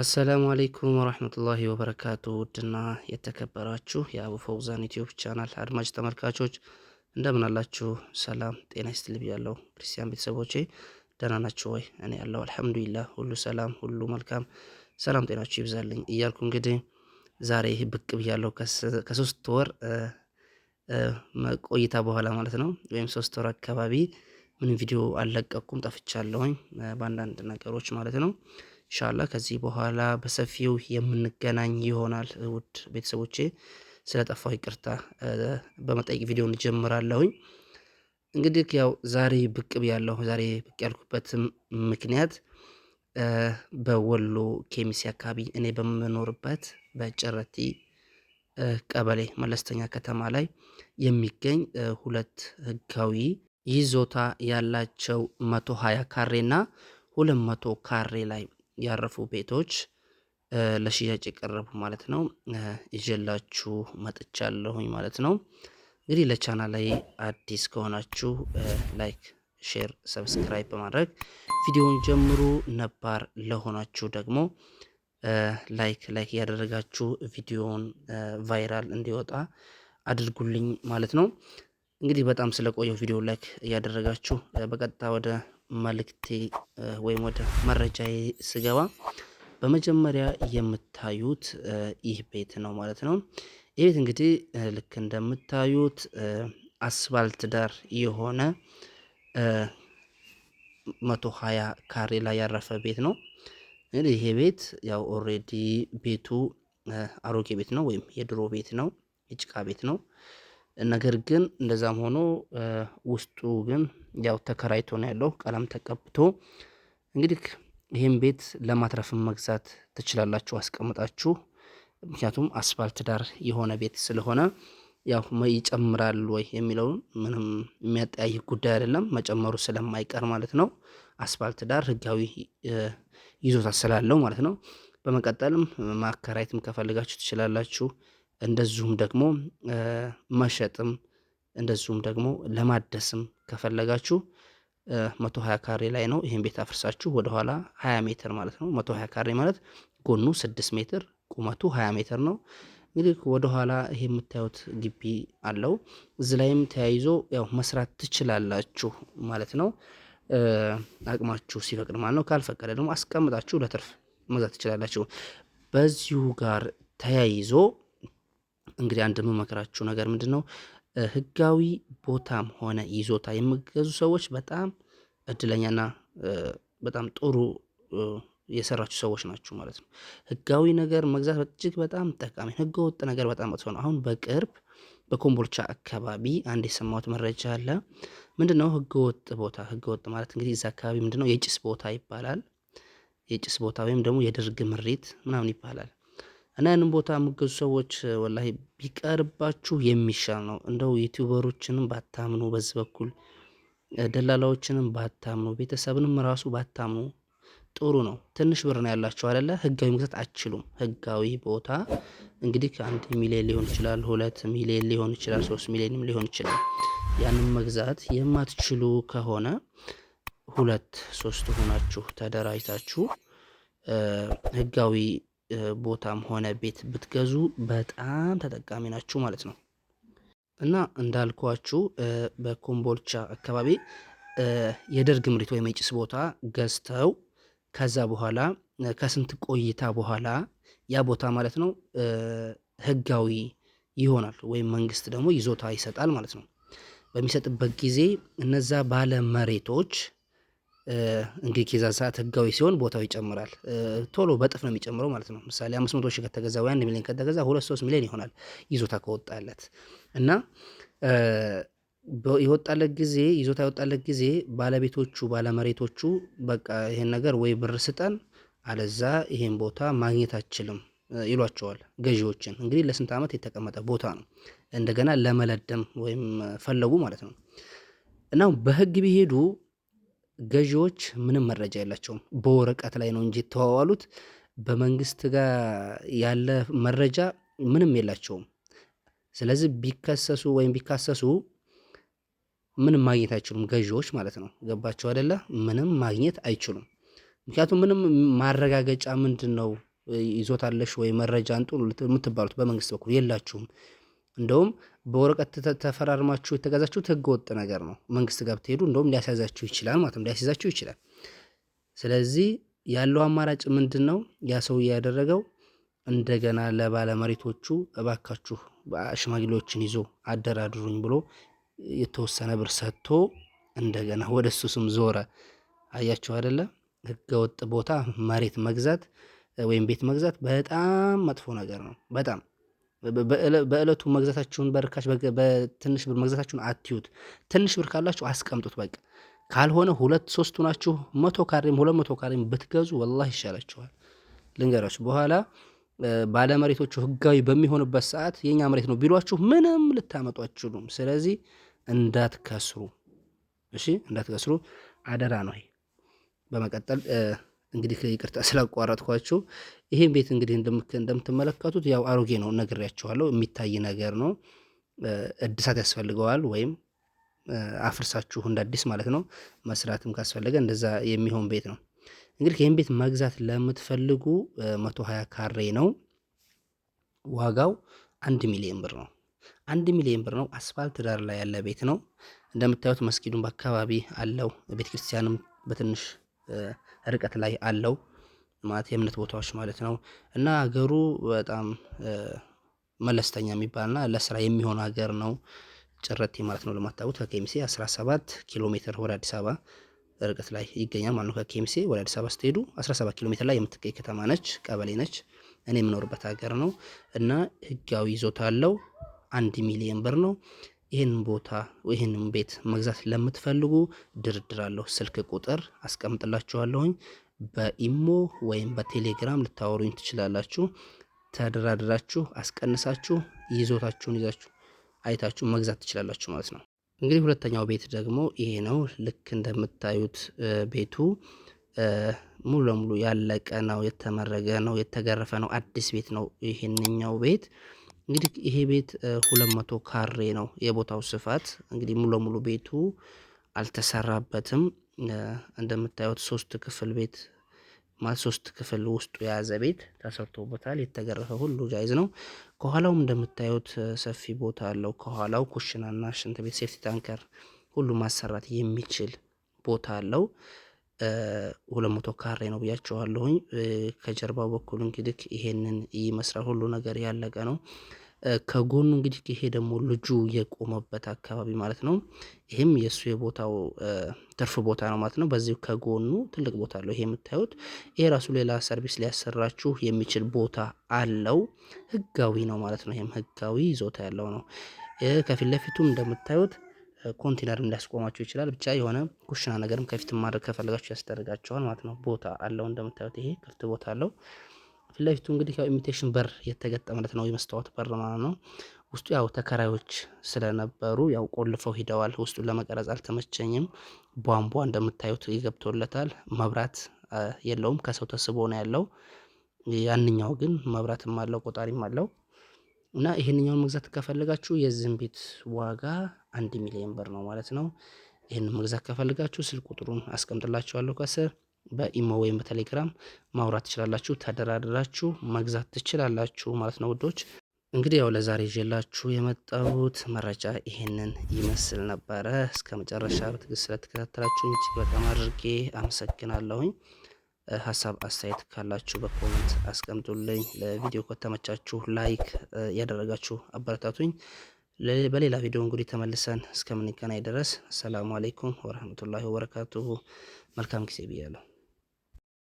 አሰላሙ አለይኩም ወረህመቱላሂ ወበረካቱ። ውድና የተከበራችሁ የአቡ ፈውዛን ዩቲዩብ ቻናል አድማጭ ተመልካቾች እንደምን አላችሁ? ሰላም ጤና ይስጥልኝ ያለው ክርስቲያን ቤተሰቦቼ ደህና ናችሁ ወይ? እኔ ያለው አልሐምዱሊላህ ሁሉ ሰላም፣ ሁሉ መልካም፣ ሰላም ጤናችሁ ይብዛልኝ እያልኩ እንግዲህ ዛሬ ብቅ ብያለሁ ከሶስት ወር ቆይታ በኋላ ማለት ነው። ወይም ሶስት ወር አካባቢ ምንም ቪዲዮ አልለቀኩም፣ ጠፍቻለሁኝ በአንዳንድ ነገሮች ማለት ነው። ኢንሻላ ከዚህ በኋላ በሰፊው የምንገናኝ ይሆናል። ውድ ቤተሰቦቼ ስለጠፋው ይቅርታ በመጠየቅ ቪዲዮን ጀምራለሁኝ። እንግዲህ ያው ዛሬ ብቅ ብያለሁ። ዛሬ ብቅ ያልኩበትም ምክንያት በወሎ ኬሚሴ አካባቢ እኔ በምኖርበት በጨረቲ ቀበሌ መለስተኛ ከተማ ላይ የሚገኝ ሁለት ህጋዊ ይዞታ ያላቸው መቶ ሀያ ካሬና ሁለት መቶ ካሬ ላይ ያረፉ ቤቶች ለሽያጭ የቀረቡ ማለት ነው ይዤላችሁ መጥቻለሁኝ ማለት ነው። እንግዲህ ለቻና ላይ አዲስ ከሆናችሁ ላይክ፣ ሼር፣ ሰብስክራይብ በማድረግ ቪዲዮውን ጀምሩ። ነባር ለሆናችሁ ደግሞ ላይክ ላይክ እያደረጋችሁ ቪዲዮውን ቫይራል እንዲወጣ አድርጉልኝ ማለት ነው። እንግዲህ በጣም ስለቆየው ቪዲዮ ላይክ እያደረጋችሁ በቀጥታ ወደ መልክቴ ወይም ወደ መረጃ ስገባ በመጀመሪያ የምታዩት ይህ ቤት ነው ማለት ነው። ይህ ቤት እንግዲህ ልክ እንደምታዩት አስፋልት ዳር የሆነ መቶ ሀያ ካሬ ላይ ያረፈ ቤት ነው። እንግዲህ ይሄ ቤት ያው ኦሬዲ ቤቱ አሮጌ ቤት ነው ወይም የድሮ ቤት ነው፣ የጭቃ ቤት ነው። ነገር ግን እንደዛም ሆኖ ውስጡ ግን ያው ተከራይቶ ነው ያለው፣ ቀለም ተቀብቶ። እንግዲህ ይህም ቤት ለማትረፍም መግዛት ትችላላችሁ አስቀምጣችሁ። ምክንያቱም አስፋልት ዳር የሆነ ቤት ስለሆነ ያው ይጨምራል ወይ የሚለውን ምንም የሚያጠያይቅ ጉዳይ አይደለም፣ መጨመሩ ስለማይቀር ማለት ነው። አስፋልት ዳር ህጋዊ ይዞታ ስላለው ማለት ነው። በመቀጠልም ማከራየትም ከፈልጋችሁ ትችላላችሁ። እንደዚሁም ደግሞ መሸጥም እንደዚሁም ደግሞ ለማደስም ከፈለጋችሁ መቶ ሀያ ካሬ ላይ ነው። ይህን ቤት አፍርሳችሁ ወደኋላ ሀያ ሜትር ማለት ነው። መቶ ሀያ ካሬ ማለት ጎኑ ስድስት ሜትር ቁመቱ ሀያ ሜትር ነው። እንግዲህ ወደኋላ ይሄ የምታዩት ግቢ አለው። እዚህ ላይም ተያይዞ ያው መስራት ትችላላችሁ ማለት ነው። አቅማችሁ ሲፈቅድ ማለት ነው። ካልፈቀደ ደግሞ አስቀምጣችሁ ለትርፍ መግዛት ትችላላችሁ። በዚሁ ጋር ተያይዞ እንግዲህ አንድ የምመክራችሁ ነገር ምንድን ነው፣ ህጋዊ ቦታም ሆነ ይዞታ የሚገዙ ሰዎች በጣም እድለኛና በጣም ጥሩ የሰራችሁ ሰዎች ናችሁ ማለት ነው። ህጋዊ ነገር መግዛት እጅግ በጣም ጠቃሚ፣ ወጥ ነገር በጣም መጥፎ ነው። አሁን በቅርብ በኮምቦልቻ አካባቢ አንድ የሰማሁት መረጃ አለ። ምንድን ነው ህገወጥ ቦታ፣ ወጥ ማለት እንግዲህ እዚ አካባቢ ምንድን ነው የጭስ ቦታ ይባላል። የጭስ ቦታ ወይም ደግሞ የድርግ ምሪት ምናምን ይባላል። እና ያንን ቦታ የምገዙ ሰዎች ወላሂ ቢቀርባችሁ የሚሻል ነው። እንደው ዩቲዩበሮችንም ባታምኑ፣ በዚህ በኩል ደላላዎችንም ባታምኑ፣ ቤተሰብንም ራሱ ባታምኑ ጥሩ ነው። ትንሽ ብር ነው ያላቸው አይደለ? ህጋዊ መግዛት አትችሉም። ህጋዊ ቦታ እንግዲህ ከአንድ ሚሊዮን ሊሆን ይችላል፣ ሁለት ሚሊዮን ሊሆን ይችላል፣ ሶስት ሚሊዮንም ሊሆን ይችላል። ያንን መግዛት የማትችሉ ከሆነ ሁለት ሶስት ሆናችሁ ተደራጅታችሁ ህጋዊ ቦታም ሆነ ቤት ብትገዙ በጣም ተጠቃሚ ናችሁ ማለት ነው። እና እንዳልኳችሁ በኮምቦልቻ አካባቢ የደርግ ምሪት ወይም የጭስ ቦታ ገዝተው ከዛ በኋላ ከስንት ቆይታ በኋላ ያ ቦታ ማለት ነው ህጋዊ ይሆናል ወይም መንግስት ደግሞ ይዞታ ይሰጣል ማለት ነው። በሚሰጥበት ጊዜ እነዛ ባለ መሬቶች እንግዲህ ከዛን ሰዓት ህጋዊ ሲሆን ቦታው ይጨምራል። ቶሎ በጥፍ ነው የሚጨምረው ማለት ነው። ምሳሌ አምስት መቶ ሺህ ከተገዛ ወይ አንድ ሚሊዮን ከተገዛ ሁለት ሶስት ሚሊዮን ይሆናል ይዞታ ከወጣለት እና የወጣለት ጊዜ ይዞታ የወጣለት ጊዜ ባለቤቶቹ ባለመሬቶቹ በቃ ይሄን ነገር ወይ ብር ስጠን አለዛ ይሄን ቦታ ማግኘት አችልም ይሏቸዋል ገዢዎችን። እንግዲህ ለስንት ዓመት የተቀመጠ ቦታ ነው እንደገና ለመለደም ወይም ፈለጉ ማለት ነው እና በህግ ቢሄዱ ገዢዎች ምንም መረጃ የላቸውም። በወረቀት ላይ ነው እንጂ የተዋዋሉት በመንግስት ጋር ያለ መረጃ ምንም የላቸውም። ስለዚህ ቢከሰሱ ወይም ቢካሰሱ ምንም ማግኘት አይችሉም፣ ገዢዎች ማለት ነው። ገባቸው አደለ ምንም ማግኘት አይችሉም። ምክንያቱም ምንም ማረጋገጫ ምንድን ነው ይዞታለሽ ወይ መረጃ እንጡ የምትባሉት በመንግስት በኩል የላችሁም። እንደውም በወረቀት ተፈራርማችሁ የተጋዛችሁት ህገ ወጥ ነገር ነው። መንግስት ጋር ብትሄዱ እንደውም ሊያስያዛችሁ ይችላል ማለት ነው፣ ሊያስይዛችሁ ይችላል። ስለዚህ ያለው አማራጭ ምንድን ነው? ያ ሰው ያደረገው እንደገና ለባለመሬቶቹ እባካችሁ ሽማግሌዎችን ይዞ አደራድሩኝ ብሎ የተወሰነ ብር ሰጥቶ እንደገና ወደ እሱ ስም ዞረ። አያችሁ አደለ? ህገወጥ ቦታ መሬት መግዛት ወይም ቤት መግዛት በጣም መጥፎ ነገር ነው። በጣም በእለቱ መግዛታችሁን በርካሽ በትንሽ ብር መግዛታችሁን አትዩት። ትንሽ ብር ካላችሁ አስቀምጡት። በቃ ካልሆነ ሁለት ሶስቱ ናችሁ መቶ ካሬም ሁለት መቶ ካሬም ብትገዙ ወላሂ ይሻላችኋል። ልንገራችሁ በኋላ ባለመሬቶቹ ህጋዊ በሚሆንበት ሰዓት የኛ መሬት ነው ቢሏችሁ ምንም ልታመጡ አችሉም። ስለዚህ እንዳትከስሩ፣ እሺ፣ እንዳትከስሩ አደራ ነው። በመቀጠል እንግዲህ ይቅርታ ስላቋረጥኳችሁ። ይሄን ቤት እንግዲህ እንደምትመለከቱት ያው አሮጌ ነው ነግሬያችኋለሁ። የሚታይ ነገር ነው። እድሳት ያስፈልገዋል ወይም አፍርሳችሁ እንደ አዲስ ማለት ነው መስራትም ካስፈለገ እንደዛ የሚሆን ቤት ነው። እንግዲህ ይህን ቤት መግዛት ለምትፈልጉ መቶ ሀያ ካሬ ነው። ዋጋው አንድ ሚሊዮን ብር ነው። አንድ ሚሊዮን ብር ነው። አስፋልት ዳር ላይ ያለ ቤት ነው። እንደምታዩት መስጊዱን በአካባቢ አለው። ቤተ ክርስቲያንም በትንሽ ርቀት ላይ አለው ማለት የእምነት ቦታዎች ማለት ነው። እና ሀገሩ በጣም መለስተኛ የሚባልና ለስራ የሚሆን ሀገር ነው። ጭረቴ ማለት ነው ለማታውቁት ከኬሚሴ 17 ኪሎ ሜትር ወደ አዲስ አበባ ርቀት ላይ ይገኛል ማለት ነው። ከኬሚሴ ወደ አዲስ አበባ ስትሄዱ 17 ኪሎ ሜትር ላይ የምትገኝ ከተማ ነች፣ ቀበሌ ነች። እኔ የምኖርበት ሀገር ነው እና ህጋዊ ይዞታ አለው። አንድ ሚሊየን ብር ነው። ይህንን ቦታ ይህንን ቤት መግዛት ለምትፈልጉ ድርድር ስልክ ቁጥር አስቀምጥላችኋለሁኝ። በኢሞ ወይም በቴሌግራም ልታወሩኝ ትችላላችሁ። ተደራድራችሁ አስቀንሳችሁ ይዞታችሁን ይዛችሁ አይታችሁ መግዛት ትችላላችሁ ማለት ነው። እንግዲህ ሁለተኛው ቤት ደግሞ ይሄ ነው። ልክ እንደምታዩት ቤቱ ሙሉ ለሙሉ ያለቀ ነው፣ የተመረገ ነው፣ የተገረፈ ነው፣ አዲስ ቤት ነው ይህንኛው ቤት እንግዲህ ይሄ ቤት ሁለት መቶ ካሬ ነው የቦታው ስፋት። እንግዲህ ሙሉ ለሙሉ ቤቱ አልተሰራበትም። እንደምታዩት ሶስት ክፍል ቤት ማለት ሶስት ክፍል ውስጡ የያዘ ቤት ተሰርቶበታል። የተገረፈ ሁሉ ጃይዝ ነው። ከኋላውም እንደምታዩት ሰፊ ቦታ አለው። ከኋላው ኩሽናና ሽንት ቤት፣ ሴፍቲ ታንከር ሁሉ ማሰራት የሚችል ቦታ አለው። ሁለት መቶ ካሬ ነው ብያችኋለሁኝ። ከጀርባው በኩል እንግዲህ ይሄንን ይመስላል። ሁሉ ነገር ያለቀ ነው። ከጎኑ እንግዲህ ይሄ ደግሞ ልጁ የቆመበት አካባቢ ማለት ነው። ይህም የእሱ የቦታው ትርፍ ቦታ ነው ማለት ነው። በዚህ ከጎኑ ትልቅ ቦታ አለው። ይሄ የምታዩት ይሄ ራሱ ሌላ ሰርቪስ ሊያሰራችሁ የሚችል ቦታ አለው። ህጋዊ ነው ማለት ነው። ይህም ህጋዊ ይዞታ ያለው ነው። ከፊት ለፊቱም እንደምታዩት ኮንቴነር ሊያስቆማቸው ይችላል። ብቻ የሆነ ኩሽና ነገርም ከፊት ማድረግ ከፈለጋቸው ያስደርጋቸዋል ማለት ነው። ቦታ አለው እንደምታዩት ይሄ ክፍት ቦታ አለው። ፊት ለፊቱ እንግዲህ ያው ኢሚቴሽን በር የተገጠመለት ነው፣ የመስታወት በር ማለት ነው። ውስጡ ያው ተከራዮች ስለነበሩ ያው ቆልፈው ሂደዋል። ውስጡን ለመቀረጽ አልተመቸኝም። ቧንቧ እንደምታዩት ይገብቶለታል። መብራት የለውም፣ ከሰው ተስቦ ነው ያለው። ያንኛው ግን መብራትም አለው ቆጣሪም አለው እና ይህንኛውን መግዛት ከፈለጋችሁ የዚህም ቤት ዋጋ አንድ ሚሊዮን ብር ነው ማለት ነው። ይህንን መግዛት ከፈልጋችሁ ስልክ ቁጥሩን አስቀምጥላችኋለሁ ከስር በኢሞ ወይም በቴሌግራም ማውራት ትችላላችሁ። ተደራድራችሁ መግዛት ትችላላችሁ ማለት ነው ውዶች። እንግዲህ ያው ለዛሬ ይዤላችሁ የመጣሁት መረጃ ይሄንን ይመስል ነበረ። እስከ መጨረሻ በትዕግስት ስለተከታተላችሁ እጅግ በጣም አድርጌ አመሰግናለሁኝ። ሀሳብ አስተያየት ካላችሁ በኮመንት አስቀምጡልኝ። ለቪዲዮ ከተመቻችሁ ላይክ ያደረጋችሁ አበረታቱኝ። በሌላ ቪዲዮ እንግዲህ ተመልሰን እስከምንገናኝ ድረስ አሰላሙ አሌይኩም ወረህመቱላሂ ወበረካቱሁ። መልካም ጊዜ ብያለሁ።